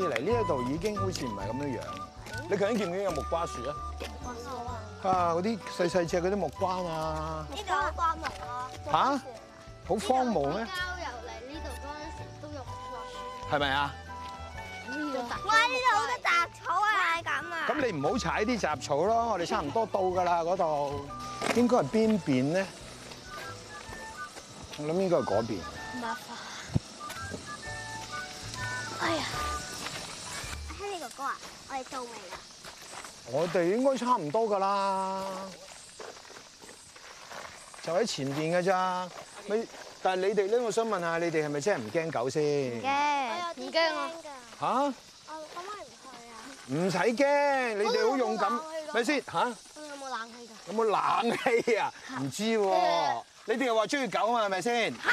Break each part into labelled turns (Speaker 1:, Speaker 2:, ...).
Speaker 1: 嚟呢一度已經好似唔係咁樣樣。你究竟見唔見有木瓜樹啊？
Speaker 2: 木
Speaker 1: 瓜樹啊！嗰啲細細隻嗰啲木瓜啊！呢度好荒
Speaker 2: 蕪咯。吓？好荒蕪咩？郊遊
Speaker 1: 嚟呢度嗰陣時都有木瓜
Speaker 2: 樹。係咪啊？啊！哇！呢度好多雜草啊，係咁
Speaker 1: 啊！咁你唔好踩啲雜草咯。我哋差唔多到㗎啦，嗰度應該係邊邊咧？我諗應該係嗰邊。麻煩。哎呀！我哋到未啊？我哋應該差唔多噶啦，就喺前邊嘅咋。咪但係你哋咧，我想問下你哋係咪真係唔驚狗先？
Speaker 2: 唔驚，我
Speaker 1: 有啲驚啊，啊。吓？可唔可以唔去啊？唔使驚，你哋、啊、好勇敢，咪先？吓？有冇冷氣噶？有冇冷氣啊？唔知喎，你哋又話中意狗啊嘛？係咪先？係。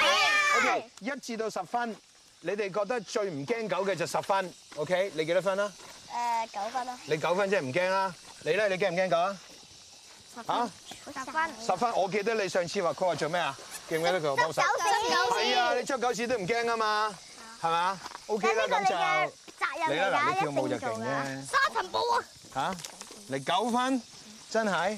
Speaker 1: O K，一至到十分，你哋覺得最唔驚狗嘅就十分。O K，你幾多分啊？誒，九分咯。你九分真係唔驚啊。你咧，你驚唔驚咁？十分。吓？十分。十分。我記得你上次話佢話做咩啊？記唔記得佢我九十？十九四。係啊，你出九四都唔驚噶嘛？係咪？O K 啦，咁就。
Speaker 2: 你啦，你呢叫冇熱情啫。沙塵暴啊！
Speaker 1: 吓，你九分真係。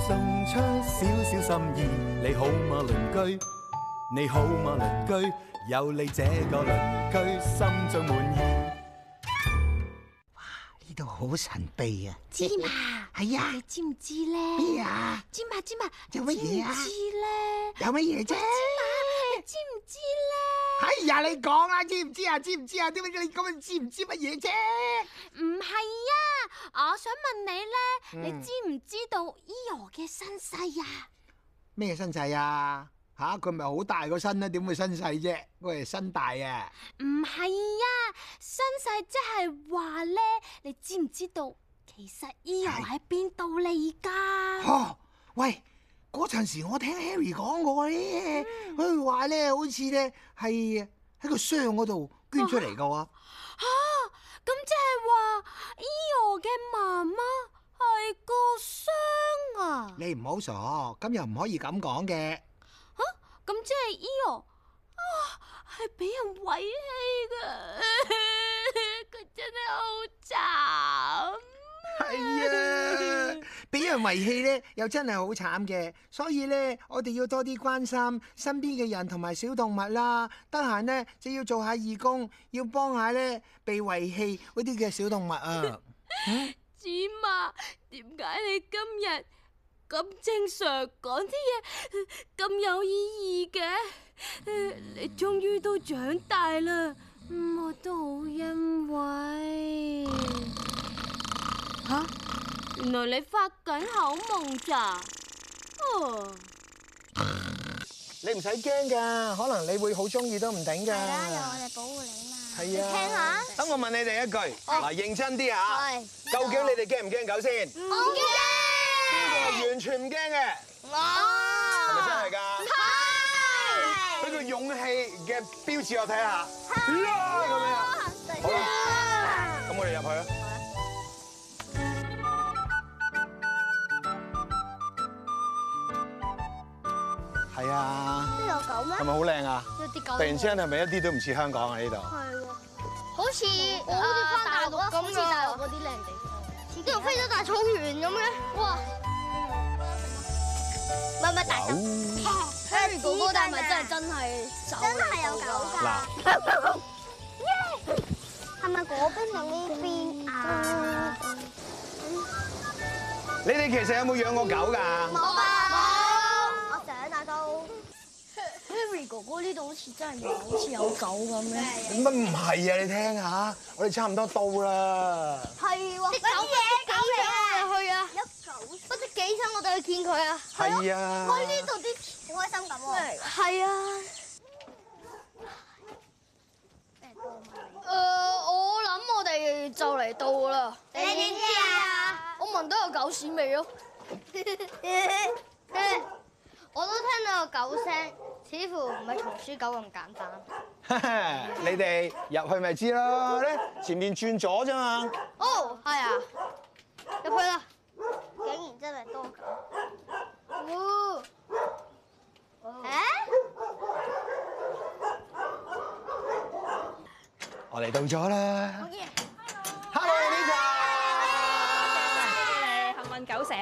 Speaker 1: 送出少少心意，你好嗎鄰居？你好嗎鄰居？有你這個鄰居，心就滿意。哇，呢度好神秘啊
Speaker 2: 知！芝麻、啊，係呀、啊，你知唔知咧？呀，芝麻芝麻，有乜嘢啊？知咧，有乜嘢啫？芝麻，你知唔知咧？
Speaker 1: 哎呀，你講啦，知唔知啊？知唔知啊？點解你咁樣？知唔知乜嘢啫？唔係啊，我想問你
Speaker 2: 咧，你知唔知道伊羅嘅身世啊？
Speaker 1: 咩、嗯、身世啊？吓、啊，佢咪好大個身啦，點會身細啫？喂，係身大啊！唔
Speaker 2: 係啊，身世即係話咧，你知唔知道其實伊羅喺邊度嚟噶？
Speaker 1: 喂！嗰陣時我聽 Harry 講過咧，佢話咧，好似咧係喺個箱嗰度捐出嚟噶喎。嚇，咁即係話 Eo 嘅媽媽係個箱啊？你唔好傻，今日唔可以咁講嘅。嚇，
Speaker 2: 咁即係 Eo 啊，係、啊、俾、啊啊、人遺棄㗎，佢 真係好慘。係啊。
Speaker 1: 俾人遺棄咧，又真係好慘嘅，所以咧，我哋要多啲關心身邊嘅人同埋小動物啦。得閒咧，就要做下義工，要幫下咧被遺棄嗰啲嘅小動物啊。
Speaker 2: 子馬，點解你今日咁正常，講啲嘢咁有意義嘅？你終於都長大啦，我都好欣慰。吓、啊？原來你發緊好夢咋？哦，
Speaker 1: 你唔使驚噶可能你會好中意都唔定噶係啦，我哋保護你嘛。係啊。聽下。等我問你第一句，認真啲啊，究竟你哋驚唔驚狗先？唔
Speaker 2: 驚。呢個係完全唔驚嘅。哇。係咪真係噶係。
Speaker 1: 俾個勇氣嘅標誌我睇下。咁我哋入去啊。係啊，邊度有狗咩？係咪好靚啊？有啲狗？突然之間係咪一啲都唔似香港啊？呢度係
Speaker 2: 喎，好似我好似翻大陸啊，好似大陸嗰啲靚地方，似嗰飛咗大草原咁樣，哇！唔係唔係大狗，Harry 哥哥，但係真係真係真係有狗噶。嗱，耶，係咪嗰邊有
Speaker 1: 呢邊啊？你哋其實有冇養過狗噶？冇啊。
Speaker 2: 哥哥，呢度好似
Speaker 1: 真係唔係，好似有狗咁樣？乜唔係啊？你聽下，我哋差唔多到啦。
Speaker 2: 係喎，啲狗嘢、狗嘢。我哋去啊，有狗，不知幾親，我哋去見佢啊。
Speaker 1: 係啊，我呢
Speaker 2: 度啲好開心咁喎。係啊。誒，我諗我哋就嚟到啦。你點知啊？我聞到有狗屎味哦。我都聽到個狗聲，似乎唔係松鼠狗咁簡單。
Speaker 1: 你哋入去咪知咯？咧前面轉咗啫嘛。
Speaker 2: 哦，係啊，入去啦。竟然真係多狗。
Speaker 1: 我嚟到咗啦。
Speaker 2: 好嘢！Hello，Lisa。恭喜你，幸運狗蛇。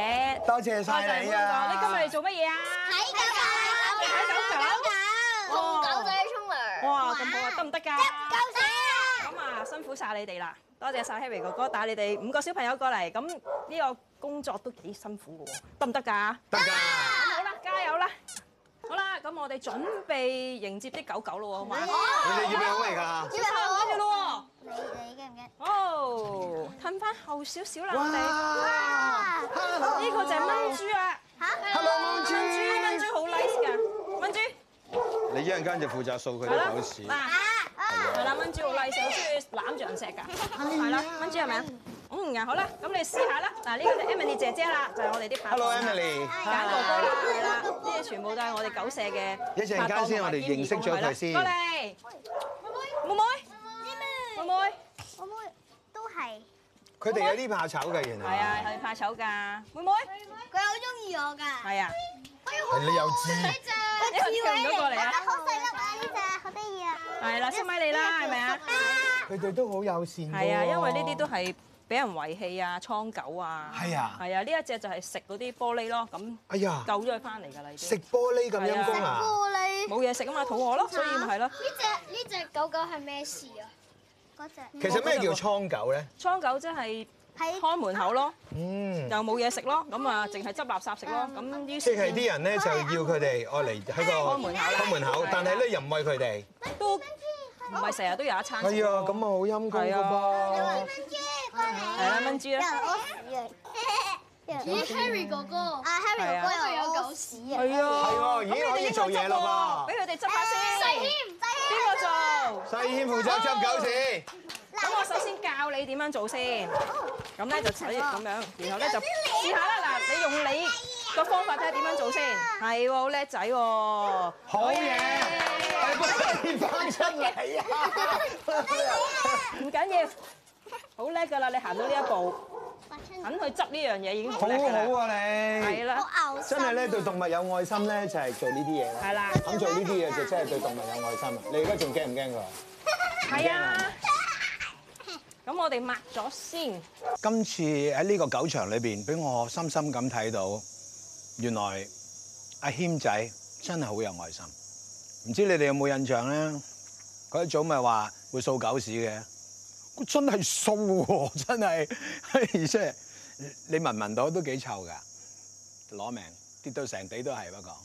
Speaker 2: 多謝晒你啊！你今日做乜嘢啊？好曬你哋啦，多謝曬 Harry 哥哥帶你哋五個小朋友過嚟，咁呢個工作都幾辛苦嘅喎，得唔得㗎？得㗎。好啦，加油啦！好啦，咁我哋準備迎接啲狗狗咯喎，準備好未㗎？準備好咗咯喎。你你驚唔驚？好，褪翻後少少啦你。呢個就係蚊豬啦。嚇！蚊豬，蚊豬好 nice 㗎。蚊豬，
Speaker 1: 你一陣間就負責掃佢哋狗屎。
Speaker 2: 係啦，蚊豬好 nice。攬住銀石㗎，係啦，蚊豬係咪啊？嗯，好啦，咁你試下啦。嗱，呢個就 Emily 姐姐啦，就係我哋啲拍檔啦。
Speaker 1: Hello Emily，
Speaker 2: 係啊，呢啲全部都係我哋狗舍嘅拍檔。一陣間先，我哋認識咗佢先。過嚟，妹妹，妹妹，妹妹，妹妹，都係。
Speaker 1: 佢哋有啲怕醜㗎，原來。係啊，
Speaker 2: 佢怕醜㗎。妹妹，佢好中意我㗎。係啊。係
Speaker 1: 你又知？你
Speaker 2: 又夾到過嚟啊？好細粒啊！呢隻好得意啊！係啦，送俾你啦，係咪啊？佢哋都好友善㗎，係啊，因為呢啲都係俾人遺棄啊，倉狗啊，係啊，係啊，呢一隻就係食嗰啲玻璃咯，咁哎呀，救咗佢翻嚟㗎啦，食
Speaker 1: 玻璃咁陰功㗎嚇，玻
Speaker 2: 璃冇嘢食啊嘛，肚餓咯，所以咪係咯。呢隻呢隻狗狗係咩事啊？嗰隻其實咩叫
Speaker 1: 倉狗咧？
Speaker 2: 倉狗即係看門口咯，嗯，又冇嘢食咯，咁啊，淨係執垃圾食咯，咁於是即係啲人咧就
Speaker 1: 要佢哋愛嚟喺個看門口，但係咧又唔餵佢哋。
Speaker 2: 唔係成日都有一餐。哎呀，
Speaker 1: 咁啊好陰晦噶
Speaker 2: 噃。係啊，蚊子啊。係啊，蚊子啊。Harry 哥哥，Harry 哥哥又有狗屎啊。係啊，係喎，已經可以
Speaker 1: 做嘢嘞噃。俾
Speaker 2: 佢哋執下先。細謙，
Speaker 1: 細謙。邊個做？細謙負責執狗屎。
Speaker 2: 咁我首先教你點樣做先。咁咧就所以咁樣，然後咧就試下啦。嗱，你用你個方法睇下點樣做先？係喎，好叻仔喎。好嘢！出嘅，唔緊要，好叻噶啦！你行到呢一步，肯去執呢樣嘢已經好叻噶啦。好啊好啊，你係啦，
Speaker 1: 真係咧對動物有愛心咧，就係做呢啲嘢啦。係啦，肯做呢啲嘢就真係對動物有愛心。你而家仲驚唔
Speaker 2: 驚㗎？係啊，咁我哋抹咗先。
Speaker 1: 今次喺呢個狗場裏邊，俾我深深咁睇到，原來阿謙仔真係好有愛心。唔知你哋有冇印象咧？有一組咪話會掃狗屎嘅，佢真係掃，真係，而且你聞聞到都幾臭噶，攞命跌到成地都係，不過，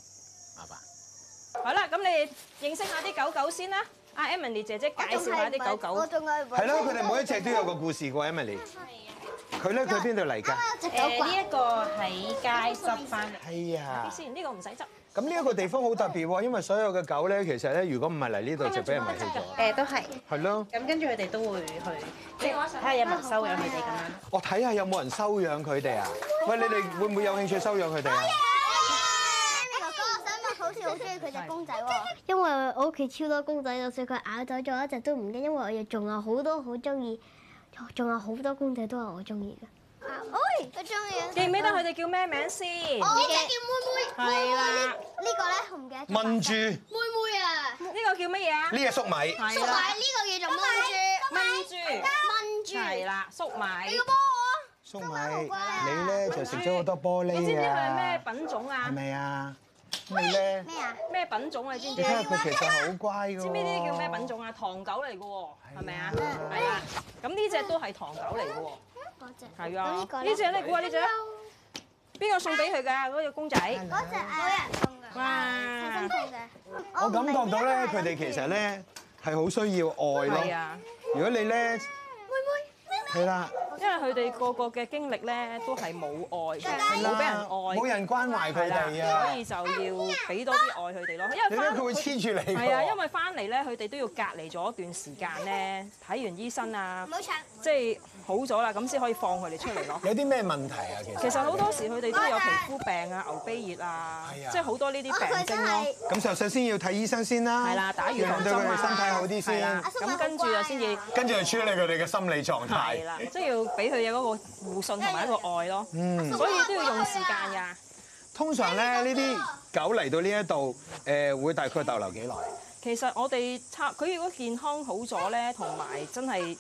Speaker 1: 麻煩。
Speaker 2: 好啦，咁你認識下啲狗狗先啦，阿 Emily 姐姐介紹下啲狗狗。係咯，佢哋每一隻
Speaker 1: 都有個故事喎，Emily。佢咧，佢邊度嚟㗎？誒呢一個喺
Speaker 2: 街執翻嚟。係啊。點先？呢個唔使執。
Speaker 1: 咁呢一個地方好特別喎，因為所有嘅狗咧，其實咧，如果唔係嚟呢度，就俾人遺棄咗。誒，都係。係
Speaker 2: 咯。咁跟住佢哋都會去，即係睇下有冇人收養佢
Speaker 1: 哋咁樣。我睇下有冇人收養佢哋啊？喂，你哋會
Speaker 2: 唔會有興趣收養佢哋啊？我哋呢個公仔好似好中意佢隻公仔喎，因為我屋企超多公仔，就算佢咬走咗一隻都唔驚，因為我又仲有好多好中意。仲有好多公仔都係我中意嘅，哎，我中意。記唔記得佢哋叫咩名先？我記得叫妹妹，妹妹呢個咧，
Speaker 1: 我唔記得。蚊
Speaker 2: 豬。妹妹啊。呢個叫乜嘢啊？呢個粟米。粟米呢個叫做蚊豬。蚊豬。蚊豬。係啦，
Speaker 1: 粟米。俾個玻璃我。粟米，你咧就食咗好多玻璃啊！你知唔知佢係咩
Speaker 2: 品種啊？係咪啊？咩啊？咩品種啊？你知唔知？你睇下佢其實好乖嘅喎。知唔
Speaker 1: 知呢啲叫咩品
Speaker 2: 種啊？唐狗嚟嘅喎，係咪啊？係啦。咁呢隻都係唐狗嚟嘅喎。嗰隻係啊？呢隻你估下呢隻？邊個送俾佢㗎？嗰隻公仔？嗰隻係冇人送㗎。哇！我感覺
Speaker 1: 到咧，佢哋其實咧係好需要愛咯。係啊。如果你咧，
Speaker 2: 妹妹，係啦。因為佢哋個個嘅經歷咧，都係冇愛，冇俾人愛，冇人關懷佢哋啊，所以就要俾多啲愛佢哋咯。因為佢會黐住你。係啊，因為翻嚟咧，佢哋都要隔離咗一段時間咧，睇完醫生啊，即係好咗啦，咁先可以放佢哋出嚟咯。
Speaker 1: 有啲咩問題啊？其實其實好
Speaker 2: 多時佢哋都有皮膚病啊、牛鼻熱啊，即係好多呢啲病症咯。咁
Speaker 1: 就首先要睇醫生先啦。係啦，打完針先會身體好啲先。
Speaker 2: 咁跟住就先至跟住去處理
Speaker 1: 佢哋嘅心理狀態。係啦，
Speaker 2: 即係要。俾佢有嗰個互信同埋一個愛咯，所以都要用時間㗎。
Speaker 1: 通常咧，呢啲狗嚟到呢一度，誒會大概逗留幾耐？
Speaker 2: 其實我哋測佢如果健康好咗咧，同埋真係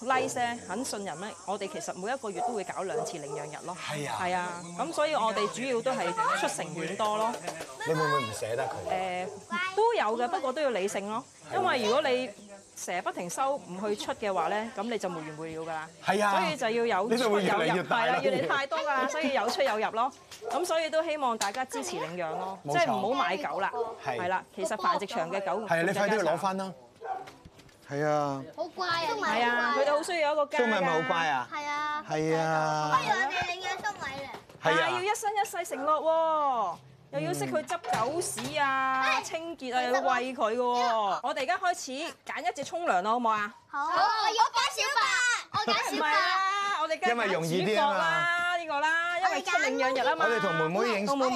Speaker 2: like 咧，肯信任咧，我哋其實每一個月都會搞兩次領養日咯。係啊，係啊，咁所以我哋主要都係出城犬多咯。你會唔會唔捨得佢？誒都有嘅，不過都要理性咯，因為如果你成日不停收唔去出嘅話咧，咁你就冇完冇了噶啦。係啊，所以就要有出有入。係啦，越嚟越多噶，所以有出有入咯。咁所以都希望大家支持領養咯，即係唔好買狗啦。係啦，其實繁殖場嘅狗係啊，你快啲去攞翻
Speaker 1: 啦。係啊。
Speaker 2: 好乖啊！忠偉，佢哋好需要一個家。忠偉唔係好乖啊？係啊。係
Speaker 1: 啊。不如我哋領養忠
Speaker 2: 偉啦。係啊。要一生一世承諾喎。又要識佢執狗屎啊、哎、清潔啊、又要餵佢嘅喎。我哋而家開始揀一隻沖涼啦，好唔好啊？好。我揀小巴，我揀小巴。唔係啊，我哋今日主角啦，呢個啦，因為領養日啊嘛。我哋同妹妹影相，妹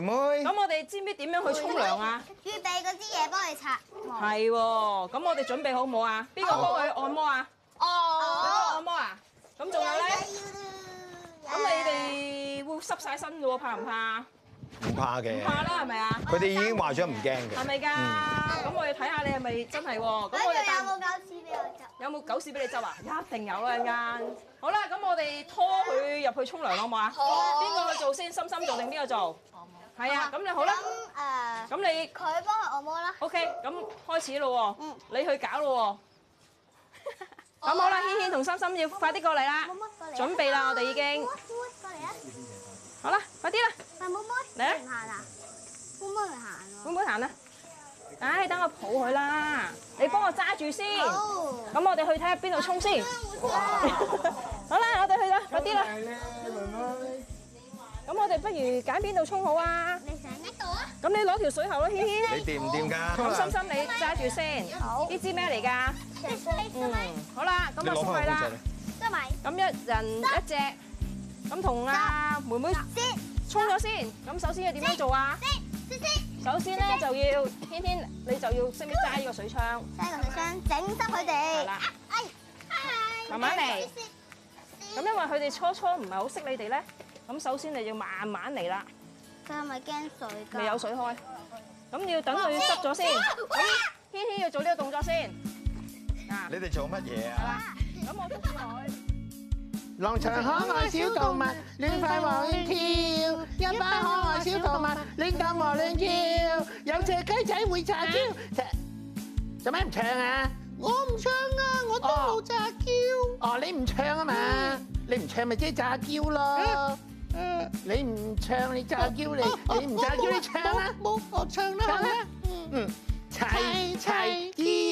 Speaker 2: 妹。咁我哋知唔知點樣去沖涼啊妹妹？預備嗰支嘢幫你擦。係喎、哦，咁我哋準備好冇啊？邊個幫佢按摩啊？哦。幫按摩啊？咁仲有咧？咁你哋會濕晒身嘅喎，怕唔怕？唔怕嘅，唔怕啦，係咪
Speaker 1: 啊？佢哋已經話咗唔驚嘅，
Speaker 2: 係咪噶？咁、嗯、我要睇下你係咪真係喎？咁我哋有冇狗屎俾我執？有冇狗屎俾你執啊？一定有啊，陣間。好啦，咁我哋拖佢入去沖涼好冇啊？好。邊個去做先？心心做定邊個做？按摩。係啊，咁你好啦。咁咁、uh, 你佢幫我按摩啦。O K，咁開始咯喎、嗯，你去搞咯喎。咁 好啦，軒軒同心心要快啲過嚟啦，準備啦，我哋已經。好，過嚟啊！好啦，快啲啦！妹妹，嚟啊！妹妹嚟行啊！妹妹行啊！哎，等我抱佢啦！你幫我揸住先，咁我哋去睇下邊度沖先。好啦，我哋去啦，快啲啦！咁我哋不如揀邊度沖好啊？你成一度啊？咁你攞條水喉咯，軒軒。你掂唔掂噶？咁心心，你揸住先。好。呢支咩嚟噶？嗯，好啦，咁啊，你攞翻去啦。得咪？咁一人一隻，咁同阿妹妹。沖咗先，咁首先要點樣做啊？先先先，首先咧就要，謙謙你就要識揸呢個水槍，揸個水槍，整濕佢哋。係啦，慢慢嚟。咁因為佢哋初初唔係好識你哋咧，咁首先你要慢慢嚟啦。佢係咪驚水噶？未有水開，咁你要等佢濕咗先。咁，謙謙要做呢個動作先。
Speaker 1: 你哋做乜嘢啊？
Speaker 2: 咁我唔會。農場可愛小動物，亂快和亂跳，
Speaker 1: 一班可愛小動物，亂蹦和亂跳。啊、有隻雞仔會詐嬌，做咩唔唱啊？我唔唱啊，我都冇、哦、詐嬌。哦，你唔唱啊嘛、嗯？你唔唱咪即係詐嬌咯？你唔唱你詐嬌你、啊啊，你唔詐嬌你唱啦、啊，冇我，我，我唱啦、啊，嗯嗯，齊